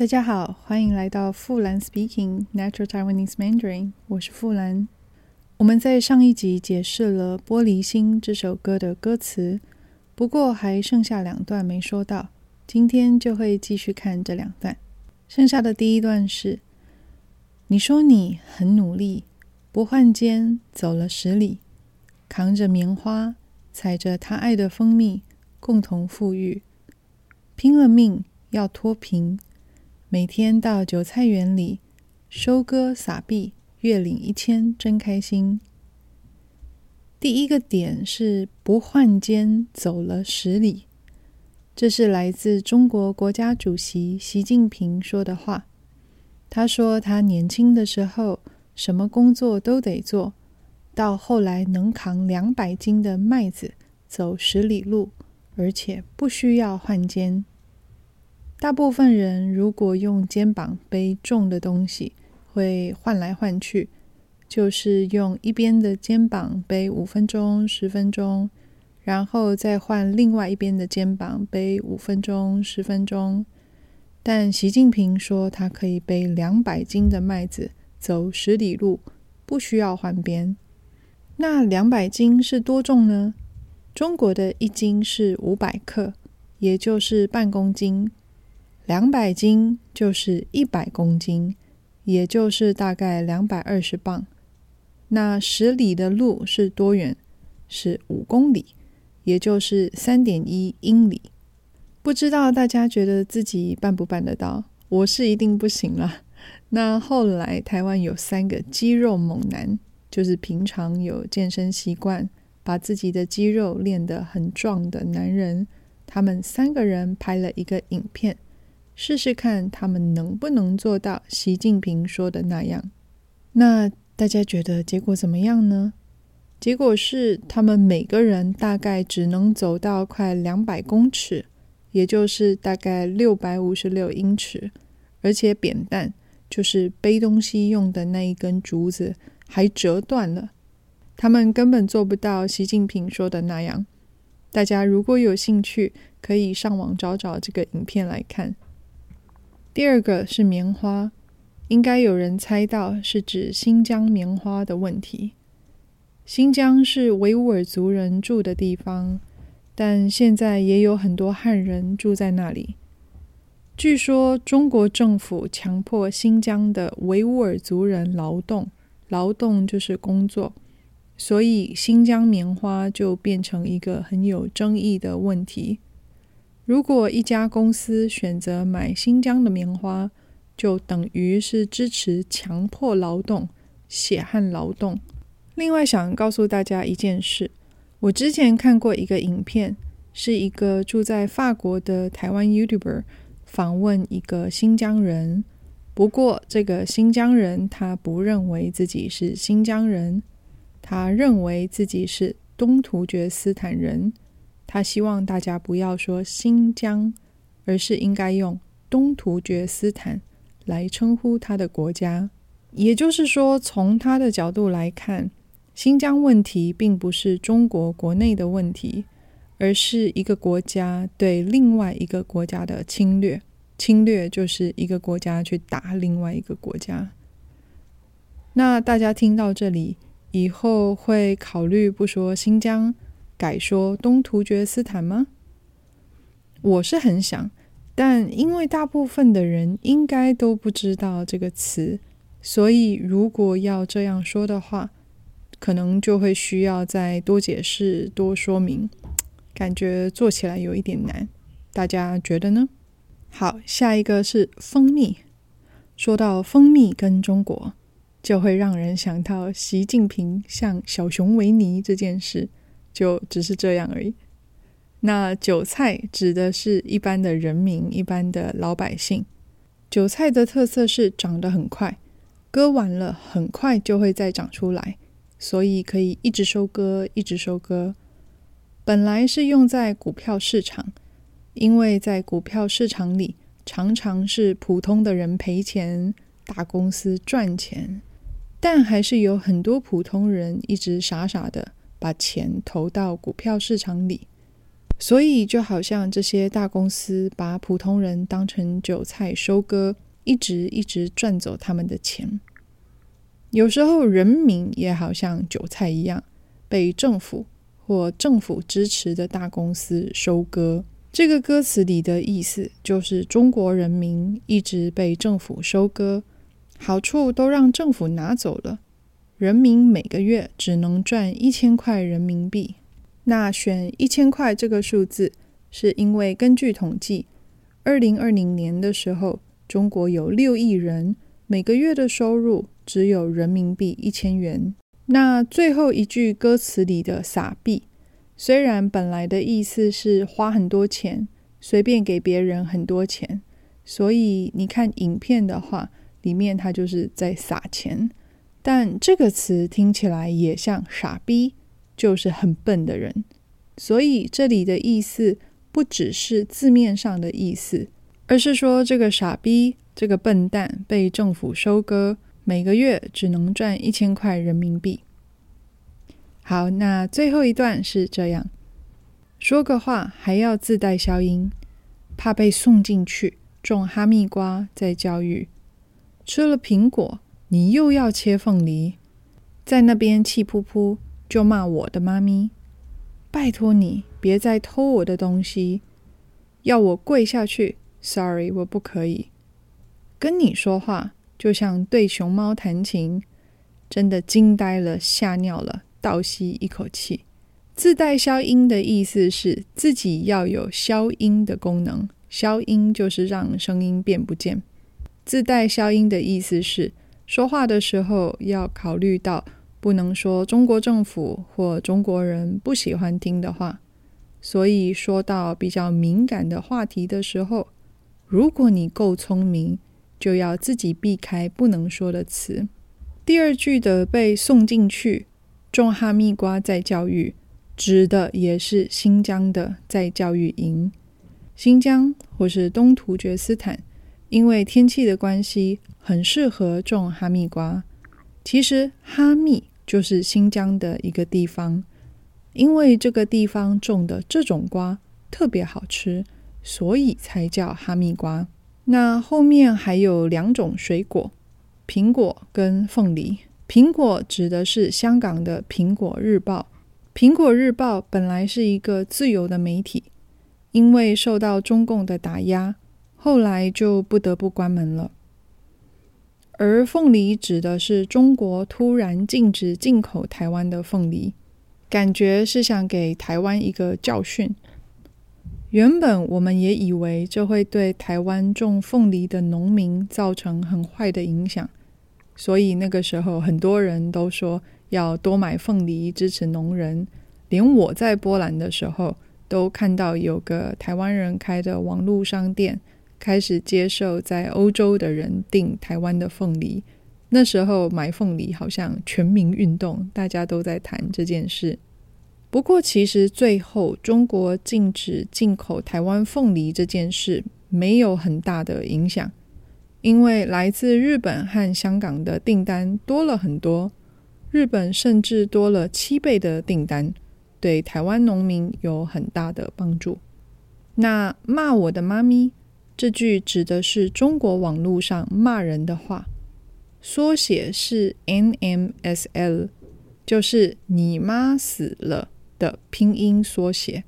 大家好，歡迎來到富蘭 Speaking Natural Taiwanese Mandarin，我是傅蘭。我們在上一集解釋了《玻璃心》這首歌的歌詞，不過還剩下兩段沒說到，今天就會繼續看這兩段。剩下的第一段是：你說你很努力，不換肩走了十里，扛着棉花，採着他愛的蜂蜜，共同富裕，拼了命要脫貧。每天到韭菜園裡收割撒幣，月領一千，真開心。第一個點是不換肩走了十里，這是來自中國國家主席習近平說的話。他說他年輕的時候什麼工作都得做，到後來能扛兩百斤的麥子走十里路，而且不需要換肩。大部分人如果用肩膀背重的東西，會換來換去，就是用一邊的肩膀背五分鐘、十分鐘，然後再換另外一邊的肩膀背五分鐘、十分鐘。但習近平說，他可以背兩百斤的麥子走十里路，不需要換邊。那兩百斤是多重呢？中國的一斤是五百克，也就是半公斤。兩百斤就是一百公斤，也就是大概兩百二十磅。那十里的路是多遠？是五公里，也就是三點一英里。不知道大家覺得自己辦不辦得到？我是一定不行了。那後來台灣有三個肌肉猛男，就是平常有健身習慣，把自己的肌肉練得很壯的男人，他們三個人拍了一個影片。試試看他們能不能做到習近平說的那樣。那大家覺得結果怎麼樣呢？結果是他們每個人大概只能走到快兩百公尺，也就是大概六百五十六英尺，而且扁擔就是背東西用的那一根竹子還折斷了。他們根本做不到習近平說的那樣。大家如果有興趣，可以上網找找這個影片來看。第二個是棉花，應該有人猜到是指新疆棉花的問題。新疆是維吾爾族人住的地方，但現在也有很多漢人住在那裡。據說中國政府強迫新疆的維吾爾族人勞動，勞動就是工作，所以新疆棉花就變成一個很有爭議的問題。如果一家公司選擇買新疆的棉花，就等於是支持強迫勞動、血汗勞動。另外，想告訴大家一件事：我之前看過一個影片，是一個住在法國的台灣 YouTuber 訪問一個新疆人。不過，這個新疆人他不認為自己是新疆人，他認為自己是東突厥斯坦人。他希望大家不要說新疆，而是應該用東突厥斯坦來稱呼他的國家。也就是說，從他的角度來看，新疆問題並不是中國國內的問題，而是一個國家對另外一個國家的侵略。侵略就是一個國家去打另外一個國家。那大家聽到這裡，以後會考慮不說新疆，改說東突厥斯坦嗎？我是很想，但因為大部分的人應該都不知道這個詞，所以如果要這樣說的話，可能就會需要再多解釋、多說明，感覺做起來有一點難。大家覺得呢？好，下一個是蜂蜜。說到蜂蜜跟中國，就會讓人想到習近平像小熊維尼這件事。就只是這樣而已。那韭菜指的是一般的人民，一般的老百姓。韭菜的特色是長得很快，割完了很快就會再長出來，所以可以一直收割，一直收割。本來是用在股票市場，因為在股票市場裡，常常是普通的人賠錢，大公司賺錢，但還是有很多普通人一直傻傻的。把錢投到股票市場裡，所以就好像這些大公司把普通人當成韭菜收割，一直一直賺走他們的錢。有時候人民也好像韭菜一樣，被政府或政府支持的大公司收割。這個歌詞裡的意思就是，中國人民一直被政府收割，好處都讓政府拿走了。人民每個月只能賺一千塊人民幣。那選一千塊這個數字，是因為根據統計，二零二零年的時候，中國有六億人每個月的收入只有人民幣一千元。那最後一句歌詞裡的“撒幣”，雖然本來的意思是花很多錢，隨便給別人很多錢，所以你看影片的話，裡面他就是在撒錢。但這個詞聽起來也像傻逼，就是很笨的人。所以這裡的意思不只是字面上的意思，而是說這個傻逼、這個笨蛋被政府收割，每個月只能賺一千塊人民幣。好，那最後一段是這樣說，個話還要自帶消音，怕被送進去種哈密瓜再教育，吃了蘋果。你又要切鳳梨，在那邊氣噗噗，就罵我的媽咪。拜托你別再偷我的東西，要我跪下去，Sorry，我不可以跟你說話，就像對熊貓彈琴，真的驚呆了，嚇尿了，倒吸一口氣。自帶消音的意思是自己要有消音的功能，消音就是讓聲音變不見。自帶消音的意思是。說話的時候要考慮到，不能說中國政府或中國人不喜歡聽的話。所以說到比較敏感的話題的時候，如果你夠聰明，就要自己避開不能說的詞。第二句的被送進去種哈密瓜再教育，指的也是新疆的再教育營，新疆或是東突厥斯坦。因為天氣的關係，很適合種哈密瓜。其實哈密就是新疆的一個地方，因為這個地方種的這種瓜特別好吃，所以才叫哈密瓜。那後面還有兩種水果，蘋果跟鳳梨。蘋果指的是香港的蘋果日報《蘋果日報》，《蘋果日報》本來是一個自由的媒體，因為受到中共的打壓。後來就不得不關門了。而鳳梨指的是中國突然禁止進口台灣的鳳梨，感覺是想給台灣一個教訓。原本我們也以為這會對台灣種鳳梨的農民造成很壞的影響，所以那個時候很多人都說要多買鳳梨支持農人。連我在波蘭的時候都看到有個台灣人開的網路商店，開始接受在歐洲的人訂台灣的鳳梨，那時候買鳳梨好像全民運動，大家都在談這件事。不過，其實最後中國禁止進口台灣鳳梨這件事沒有很大的影響，因為來自日本和香港的訂單多了很多，日本甚至多了七倍的訂單，對台灣農民有很大的幫助。那罵我的媽咪。這句指的是中國網絡上罵人的話，縮寫是 NMSL，就是“你媽死了”的拼音縮寫。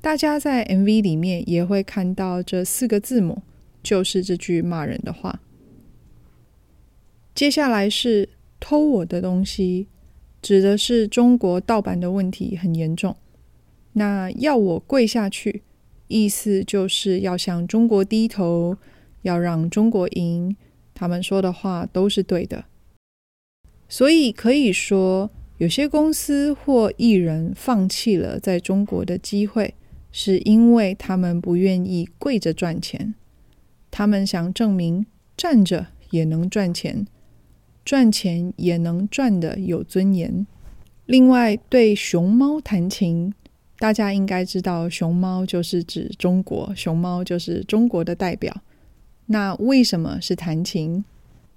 大家在 MV 裡面也會看到這四個字母，就是這句罵人的話。接下來是“偷我的東西”，指的是中國盜版的問題很嚴重。那要我跪下去。意思就是要向中國低頭，要讓中國贏。他們說的話都是對的，所以可以說，有些公司或藝人放棄了在中國的機會，是因為他們不願意跪着賺錢，他們想證明站着也能賺錢，賺錢也能賺得有尊嚴。另外，對熊貓彈琴。大家應該知道，熊貓就是指中國，熊貓就是中國的代表。那為什麼是彈琴？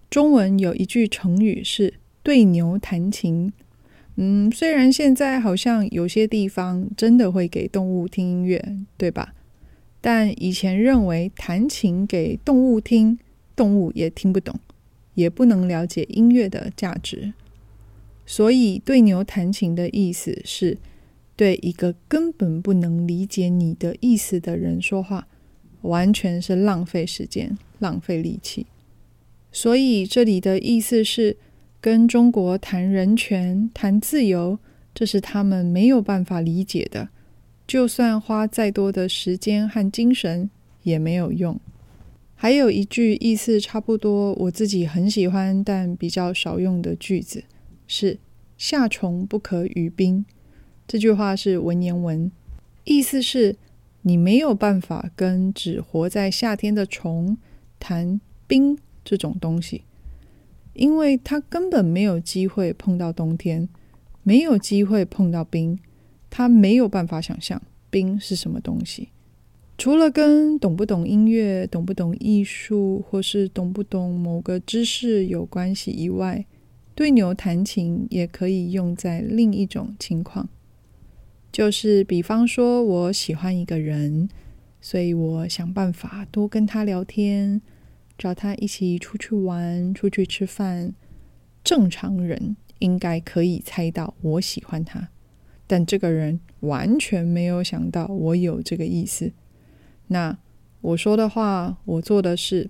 中文有一句成語是對牛彈琴。嗯，雖然現在好像有些地方真的會給動物聽音樂，對吧？但以前認為彈琴給動物聽，動物也聽不懂，也不能了解音樂的價值。所以對牛彈琴的意思是，對一個根本不能理解你的意思的人說話，完全是浪費時間、浪費力氣。所以這裡的意思是，跟中國談人權、談自由，這是他們沒有辦法理解的。就算花再多的時間和精神，也沒有用。還有一句意思差不多，我自己很喜歡但比較少用的句子是“夏蟲不可語冰”。這句話是文言文，意思是：你沒有辦法跟只活在夏天的蟲談冰這種東西，因為它根本沒有機會碰到冬天，沒有機會碰到冰，它沒有辦法想象冰是什麼東西。除了跟懂不懂音樂、懂不懂藝術，或是懂不懂某個知識有關係以外，對牛彈琴也可以用在另一種情況。就是比方說，我喜歡一個人，所以我想辦法多跟他聊天，找他一起出去玩、出去吃飯。正常人應該可以猜到我喜歡他，但這個人完全沒有想到我有這個意思。那我說的話、我做的事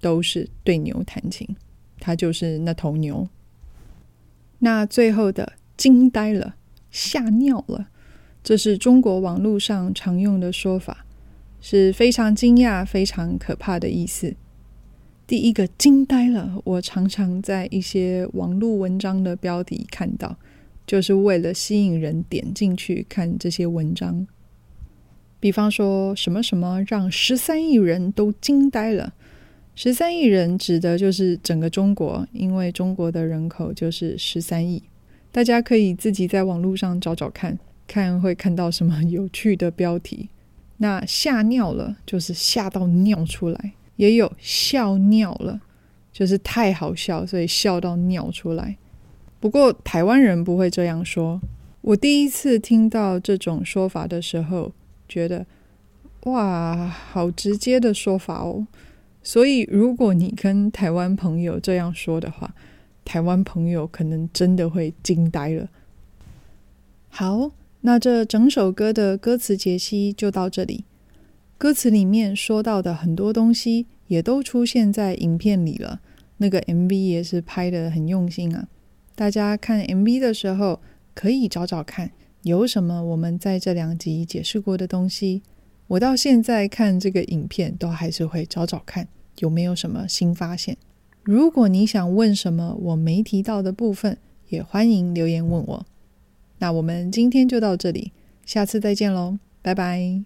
都是對牛彈琴，他就是那頭牛。那最後的驚呆了，嚇尿了。這是中國網絡上常用的說法，是非常驚訝、非常可怕的意思。第一個驚呆了，我常常在一些網絡文章的標題看到，就是為了吸引人點進去看這些文章。比方說，什麼什麼讓十三億人都驚呆了，十三億人指的就是整個中國，因為中國的人口就是十三億。大家可以自己在網絡上找找看。看會看到什麼有趣的標題？那嚇尿了就是嚇到尿出來，也有笑尿了，就是太好笑，所以笑到尿出來。不過台灣人不會這樣說。我第一次聽到這種說法的時候，覺得哇，好直接的說法哦。所以如果你跟台灣朋友這樣說的話，台灣朋友可能真的會驚呆了。好。那這整首歌的歌詞解析就到這裡。歌詞裡面說到的很多東西，也都出現在影片裡了。那個 MV 也是拍得很用心啊。大家看 MV 的時候，可以找找看有什麼我們在這兩集解釋過的東西。我到現在看這個影片，都還是會找找看有沒有什麼新發現。如果你想問什麼我沒提到的部分，也歡迎留言問我。那我們今天就到這裡，下次再見嘍，拜拜。